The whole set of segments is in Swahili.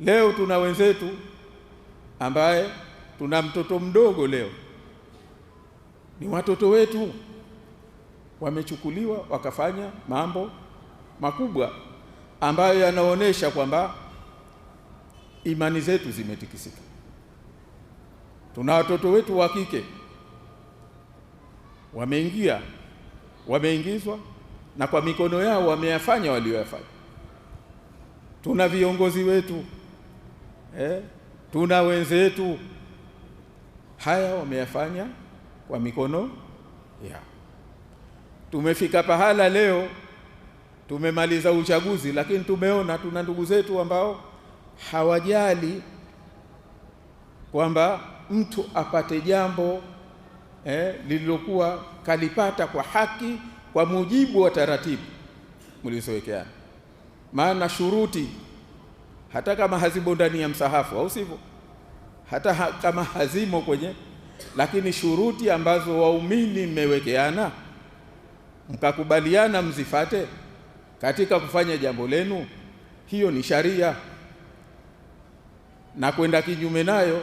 Leo tuna wenzetu ambaye tuna mtoto mdogo leo, ni watoto wetu wamechukuliwa wakafanya mambo makubwa ambayo yanaonyesha kwamba imani zetu zimetikisika. Tuna watoto wetu wa kike wameingia, wameingizwa na kwa mikono yao wameyafanya walioyafanya. Tuna viongozi wetu eh, tuna wenzetu haya wameyafanya kwa mikono yao. Tumefika pahala leo tumemaliza uchaguzi, lakini tumeona tuna ndugu zetu ambao hawajali kwamba mtu apate jambo eh, lililokuwa kalipata kwa haki kwa mujibu wa taratibu mlizowekeana, maana shuruti hata kama hazimo ndani ya msahafu, au sivyo? Hata ha, kama hazimo kwenye, lakini shuruti ambazo waumini mmewekeana mkakubaliana mzifate katika kufanya jambo lenu, hiyo ni sharia, na kwenda kinyume nayo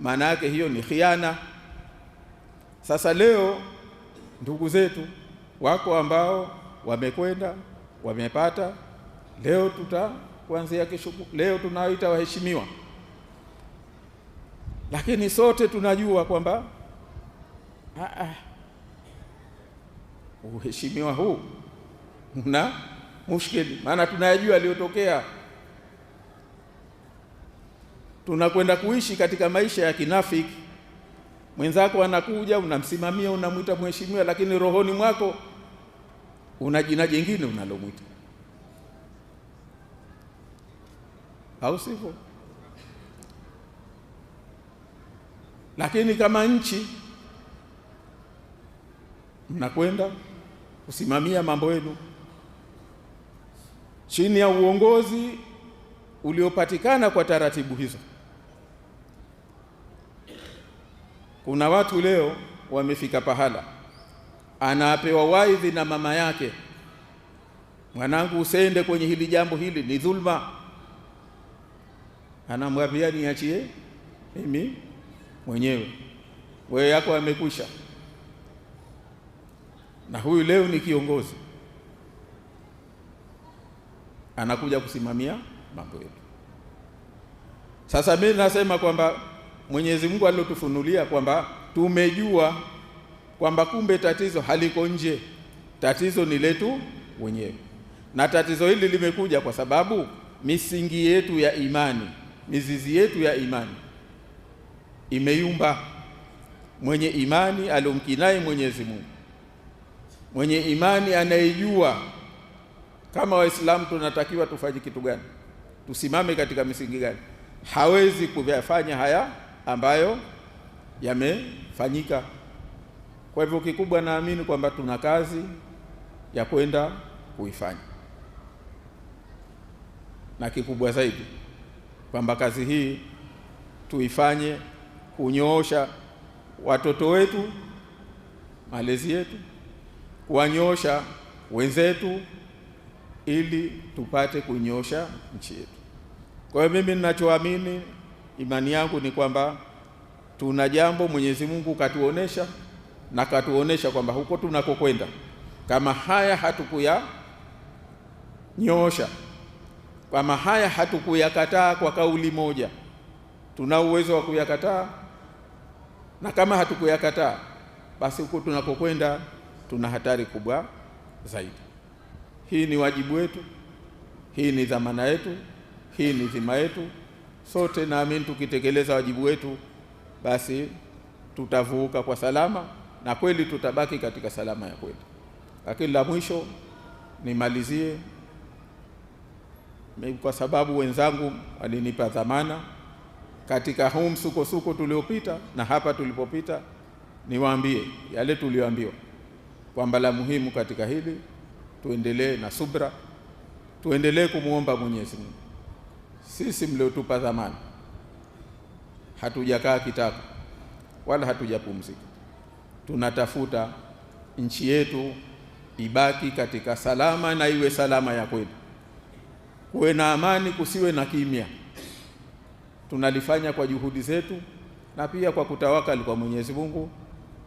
maana yake hiyo ni khiana. Sasa leo ndugu zetu wako ambao wamekwenda wamepata, leo tuta kuanzia kesho, leo tunaoita waheshimiwa, lakini sote tunajua kwamba ah, ah, uheshimiwa huu una mushkeli, maana tunayajua aliyotokea Tunakwenda kuishi katika maisha ya kinafiki. Mwenzako anakuja, unamsimamia, unamwita mheshimiwa, lakini rohoni mwako una jina jingine unalomwita au sivyo? Lakini kama nchi mnakwenda kusimamia mambo yenu chini ya uongozi uliopatikana kwa taratibu hizo. Kuna watu leo wamefika pahala, anapewa waidhi na mama yake, mwanangu, usende kwenye hili jambo, hili ni dhulma anamwambia niachie mimi mwenyewe, wewe yako amekwisha. Na huyu leo ni kiongozi, anakuja kusimamia mambo yetu. Sasa mimi nasema kwamba Mwenyezi Mungu alilotufunulia kwamba tumejua kwamba kumbe tatizo haliko nje, tatizo ni letu wenyewe, na tatizo hili limekuja kwa sababu misingi yetu ya imani mizizi yetu ya imani imeyumba. Mwenye imani alomkinai Mwenyezi Mungu, mwenye imani anayejua kama Waislamu tunatakiwa tufanye kitu gani, tusimame katika misingi gani, hawezi kuyafanya haya ambayo yamefanyika. Kwa hivyo kikubwa, naamini kwamba tuna kazi ya kwenda kuifanya na kikubwa zaidi kwamba kazi hii tuifanye kunyoosha watoto wetu, malezi yetu, kuwanyoosha wenzetu, ili tupate kunyoosha nchi yetu. Kwa hiyo mimi ninachoamini, imani yangu ni kwamba tuna jambo Mwenyezi Mungu katuonesha na katuonesha kwamba huko tunakokwenda, kama haya hatukuyanyoosha kama haya hatukuyakataa kwa kauli moja, tuna uwezo wa kuyakataa, na kama hatukuyakataa, basi huko tunakokwenda tuna hatari kubwa zaidi. Hii ni wajibu wetu, hii ni dhamana yetu, hii ni dhima yetu sote. Naamini tukitekeleza wajibu wetu, basi tutavuka kwa salama na kweli tutabaki katika salama ya kweli. Lakini la mwisho nimalizie kwa sababu wenzangu walinipa dhamana katika huu msukosuko tuliopita na hapa tulipopita, niwaambie yale tuliyoambiwa kwamba la muhimu katika hili tuendelee na subra, tuendelee kumwomba Mwenyezi Mungu. Sisi mliotupa dhamana hatujakaa kitako wala hatujapumzika, tunatafuta nchi yetu ibaki katika salama na iwe salama ya kweli kuwe na amani, kusiwe na kimya. Tunalifanya kwa juhudi zetu na pia kwa kutawakali kwa Mwenyezi Mungu,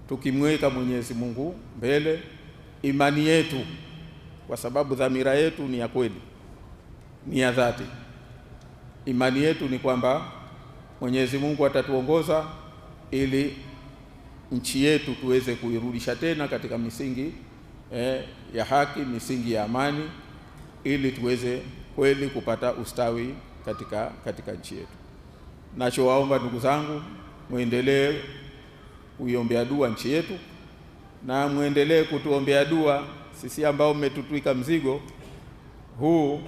tukimweka Mwenyezi Mungu mbele imani yetu, kwa sababu dhamira yetu ni ya kweli, ni ya dhati. Imani yetu ni kwamba Mwenyezi Mungu atatuongoza ili nchi yetu tuweze kuirudisha tena katika misingi eh, ya haki, misingi ya amani, ili tuweze kweli kupata ustawi katika, katika nchi yetu. Nachowaomba ndugu zangu, mwendelee kuiombea dua nchi yetu na mwendelee kutuombea dua sisi ambao mmetutwika mzigo huu.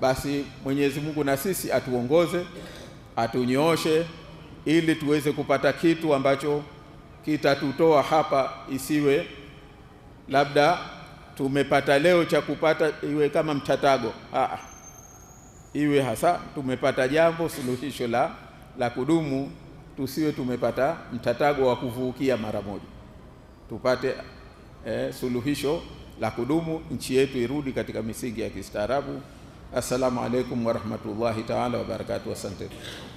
Basi Mwenyezi Mungu na sisi atuongoze, atunyooshe ili tuweze kupata kitu ambacho kitatutoa hapa, isiwe labda tumepata leo cha kupata iwe kama mtatago. Aa, iwe hasa tumepata jambo suluhisho la, la kudumu, tusiwe tumepata mtatago wa kuvukia mara moja, tupate eh, suluhisho la kudumu, nchi yetu irudi katika misingi ya kistaarabu. Assalamu alaikum warahmatullahi taala wabarakatuh. Asante.